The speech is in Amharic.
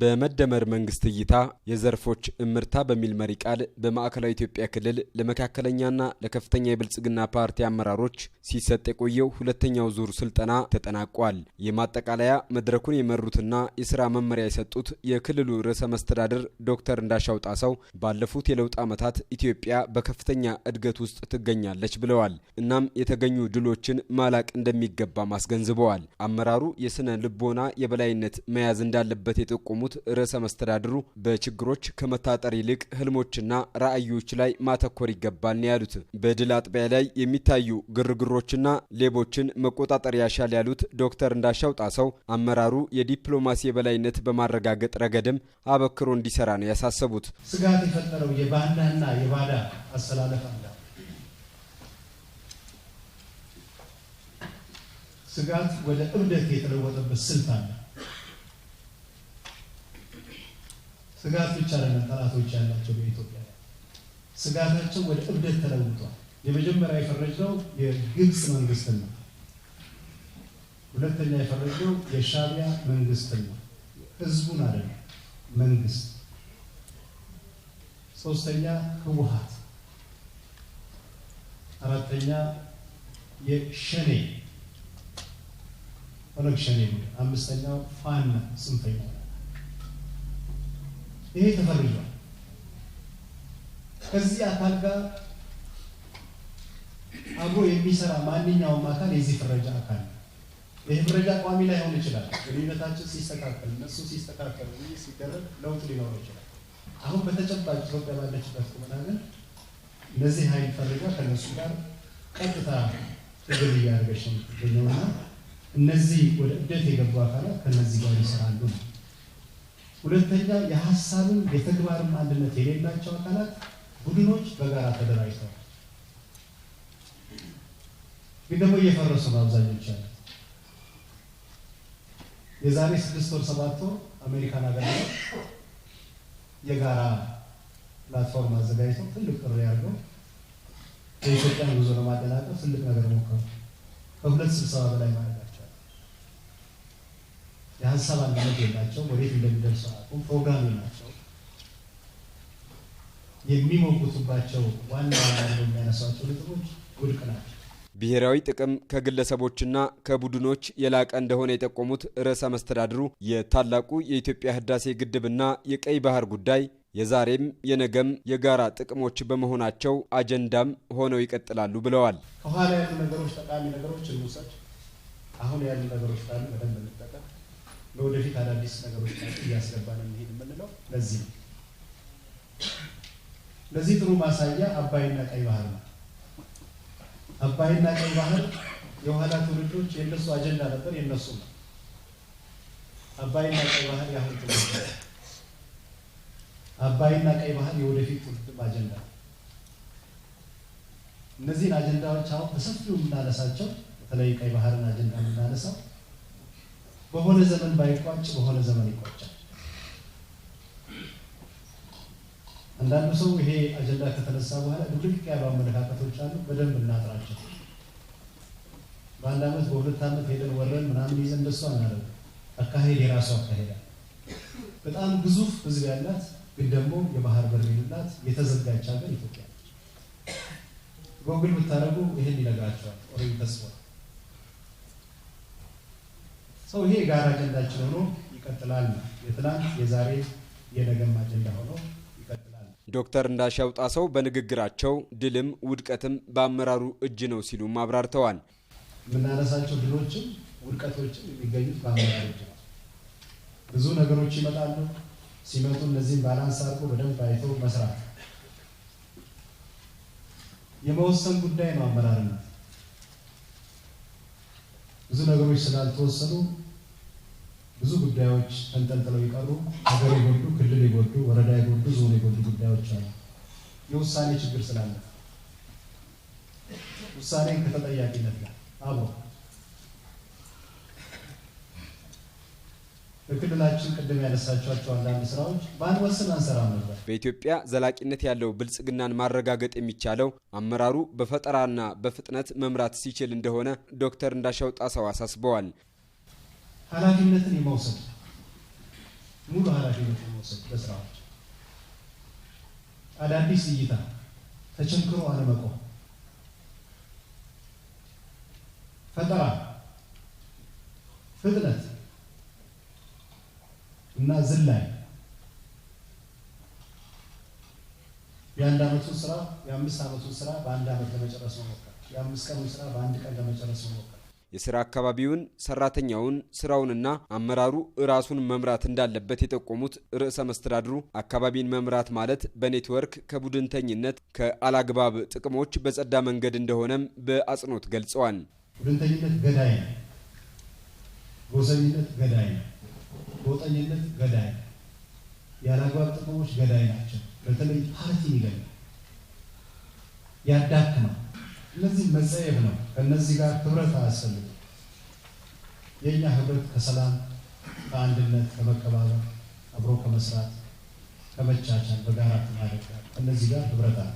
በመደመር መንግስት እይታ የዘርፎች እምርታ በሚል መሪ ቃል በማዕከላዊ ኢትዮጵያ ክልል ለመካከለኛና ለከፍተኛ የብልጽግና ፓርቲ አመራሮች ሲሰጥ የቆየው ሁለተኛው ዙር ስልጠና ተጠናቋል። የማጠቃለያ መድረኩን የመሩትና የስራ መመሪያ የሰጡት የክልሉ ርዕሰ መስተዳድር ዶክተር እንዳሻው ጣሰው ባለፉት የለውጥ ዓመታት ኢትዮጵያ በከፍተኛ እድገት ውስጥ ትገኛለች ብለዋል። እናም የተገኙ ድሎችን ማላቅ እንደሚገባም አስገንዝበዋል። አመራሩ የስነ ልቦና የበላይነት መያዝ እንዳለበት የጠቆሙ የጠቆሙት ርዕሰ መስተዳድሩ በችግሮች ከመታጠር ይልቅ ህልሞችና ራዕዮች ላይ ማተኮር ይገባል ነው ያሉት። በድል አጥቢያ ላይ የሚታዩ ግርግሮችና ሌቦችን መቆጣጠር ያሻል ያሉት ዶክተር እንዳሻው ጣሰው አመራሩ የዲፕሎማሲ የበላይነት በማረጋገጥ ረገድም አበክሮ እንዲሰራ ነው ያሳሰቡት። ስጋት የፈጠረው የባዳና የባዳ አሰላለፍ አለ። ስጋት ወደ እብደት የተለወጠበት ስልት አለ። ስጋት ብቻ አይደለም ጠላቶች ያላቸው በኢትዮጵያ ስጋታቸው ወደ እብደት ተለውጧል። የመጀመሪያ የፈረጀው የግብፅ መንግስትን ነው። ሁለተኛ የፈረጀው የሻቢያ መንግስትን ነው፣ ህዝቡን አይደለም መንግስት። ሶስተኛ ህወሀት፣ አራተኛ የሸኔ ኦነግ ሸኔ፣ አምስተኛው ፋና ጽንፈኛ ይሄ ተፈርጇል። ከዚህ አካል ጋር አብሮ የሚሰራ ማንኛውም አካል የዚህ ፍረጃ አካል ነው። ይህ ፍረጃ ቋሚ ላይሆን ይችላል። ግንኙነታችን ሲስተካከል፣ እነሱ ሲስተካከል ሲደረግ ለውጥ ሊኖረው ይችላል። አሁን በተጨባጭ ኢትዮጵያ ባለችበት ቁመና እነዚህ ሀይል ፈረጃ ከነሱ ጋር ቀጥታ ትግል እያደረገች ነው እና እነዚህ ወደ እደት የገቡ አካላት ከነዚህ ጋር ይሰራሉ ነው ሁለተኛ የሀሳብን የተግባርን አንድነት የሌላቸው አካላት ቡድኖች በጋራ ተደራጅተዋል። ግን ደግሞ እየፈረሱ ነው አብዛኞች ያለ የዛሬ ስድስት ወር ሰባት ወር አሜሪካን ሀገር የጋራ ፕላትፎርም አዘጋጅተው ትልቅ ጥሪ ያለው የኢትዮጵያን ጉዞ ለማደናቀፍ ትልቅ ነገር ሞከሩ ከሁለት ስብሰባ በላይ ማለት የሀሳብ አንድነት የላቸው ወዴት እንደሚደርሱ አያውቁም። ፕሮግራም ናቸው። የሚሞቁትባቸው ዋና ዋና ብለው የሚያነሷቸው ነጥቦች ውድቅ ናቸው። ብሔራዊ ጥቅም ከግለሰቦችና ከቡድኖች የላቀ እንደሆነ የጠቆሙት ርዕሰ መስተዳድሩ የታላቁ የኢትዮጵያ ህዳሴ ግድብና የቀይ ባህር ጉዳይ የዛሬም የነገም የጋራ ጥቅሞች በመሆናቸው አጀንዳም ሆነው ይቀጥላሉ ብለዋል። ከኋላ ያሉ ነገሮች ጠቃሚ ነገሮች እንውሰድ። አሁን ያሉ ነገሮች ካሉ በደንብ እንጠቀም። ለወደፊት አዳዲስ ነገሮች እያስገባን እንሄድ የምንለው ለዚህ ነው። ለዚህ ጥሩ ማሳያ አባይና ቀይ ባህር ነው። አባይና ቀይ ባህር የኋላ ትውልዶች የእነሱ አጀንዳ ነበር፣ የእነሱ ነው። አባይና ቀይ ባህር የአሁን ትውልድ፣ አባይና ቀይ ባህር የወደፊት ትውልድ አጀንዳ ነው። እነዚህን አጀንዳዎች አሁን በሰፊው የምናነሳቸው በተለይ ቀይ ባህርን አጀንዳ የምናነሳው በሆነ ዘመን ባይቋጭ በሆነ ዘመን ይቋጫል። አንዳንዱ ሰው ይሄ አጀንዳ ከተነሳ በኋላ ድብልቅ ያሉ አመለካከቶች አሉ። በደንብ እናጥራቸው። በአንድ ዓመት በሁለት ዓመት ሄደን ወረን ምናምን ይዘን እንደሱ አናደርግ። አካሄድ የራሱ አካሄዳ በጣም ግዙፍ ህዝብ ያላት ግን ደግሞ የባህር በር የሌላት የተዘጋች ሀገር ኢትዮጵያ ጎግል ብታደረጉ ይህን ይነግራቸዋል። ኦሬዲ ተስቧል። ሰው ይሄ የጋራ አጀንዳችን ሆኖ ይቀጥላል። የትናንት የዛሬ የነገም አጀንዳ ሆኖ ይቀጥላል። ዶክተር እንዳሻው ጣሰው በንግግራቸው ድልም ውድቀትም በአመራሩ እጅ ነው ሲሉም አብራርተዋል። የምናነሳቸው ድሎችም ውድቀቶችም የሚገኙት በአመራሩ እጅ ነው። ብዙ ነገሮች ይመጣሉ። ሲመጡ እነዚህም ባላንስ አድርጎ በደንብ አይቶ መስራት የመወሰን ጉዳይ ነው አመራርነት ብዙ ነገሮች ስላልተወሰኑ ብዙ ጉዳዮች ተንጠልጥለው ይቀሩ። ሀገር የጎዱ ክልል የጎዱ ወረዳ የጎዱ ዞን የጎዱ ጉዳዮች አሉ። የውሳኔ ችግር ስላለ ውሳኔ ከተጠያቂነት ጋር አቦ በክልላችን ቅድም ያነሳቸዋቸው አንዳንድ ስራዎች በአንድ ወስን አንሰራም ነበር። በኢትዮጵያ ዘላቂነት ያለው ብልጽግናን ማረጋገጥ የሚቻለው አመራሩ በፈጠራና በፍጥነት መምራት ሲችል እንደሆነ ዶክተር እንዳሻው ጣሰው አሳስበዋል። ኃላፊነትን የመውሰድ ሙሉ ኃላፊነት የመውሰድ በስራዎች አዳዲስ እይታ ተቸንክሮ አለመቆም፣ ፈጠራ፣ ፍጥነት እና ዝላይ የአንድ አመቱን ስራ የአምስት አመቱን ስራ በአንድ አመት ለመጨረስ መሞከር፣ የአምስት ቀኑን ስራ በአንድ ቀን ለመጨረስ መሞከር የስራ አካባቢውን ሰራተኛውን ስራውንና አመራሩ ራሱን መምራት እንዳለበት የጠቆሙት ርዕሰ መስተዳድሩ አካባቢን መምራት ማለት በኔትወርክ ከቡድንተኝነት ከአላግባብ ጥቅሞች በጸዳ መንገድ እንደሆነም በአጽንኦት ገልጸዋል። ቡድንተኝነት ገዳይ ነው። ጎሰኝነት ገዳይ ነው። ጎጠኝነት ገዳይ ነው። የአላግባብ ጥቅሞች ገዳይ ናቸው። በተለይ ፓርቲ ይገል ያዳክማ እነዚህ መጸየፍ ነው። ከእነዚህ ጋር ህብረት አያስፈልግም። የእኛ ህብረት ከሰላም ከአንድነት፣ ከመከባበር፣ አብሮ ከመስራት፣ ከመቻቻል በጋራ ከማድረግ እነዚህ ጋር ህብረት አለ።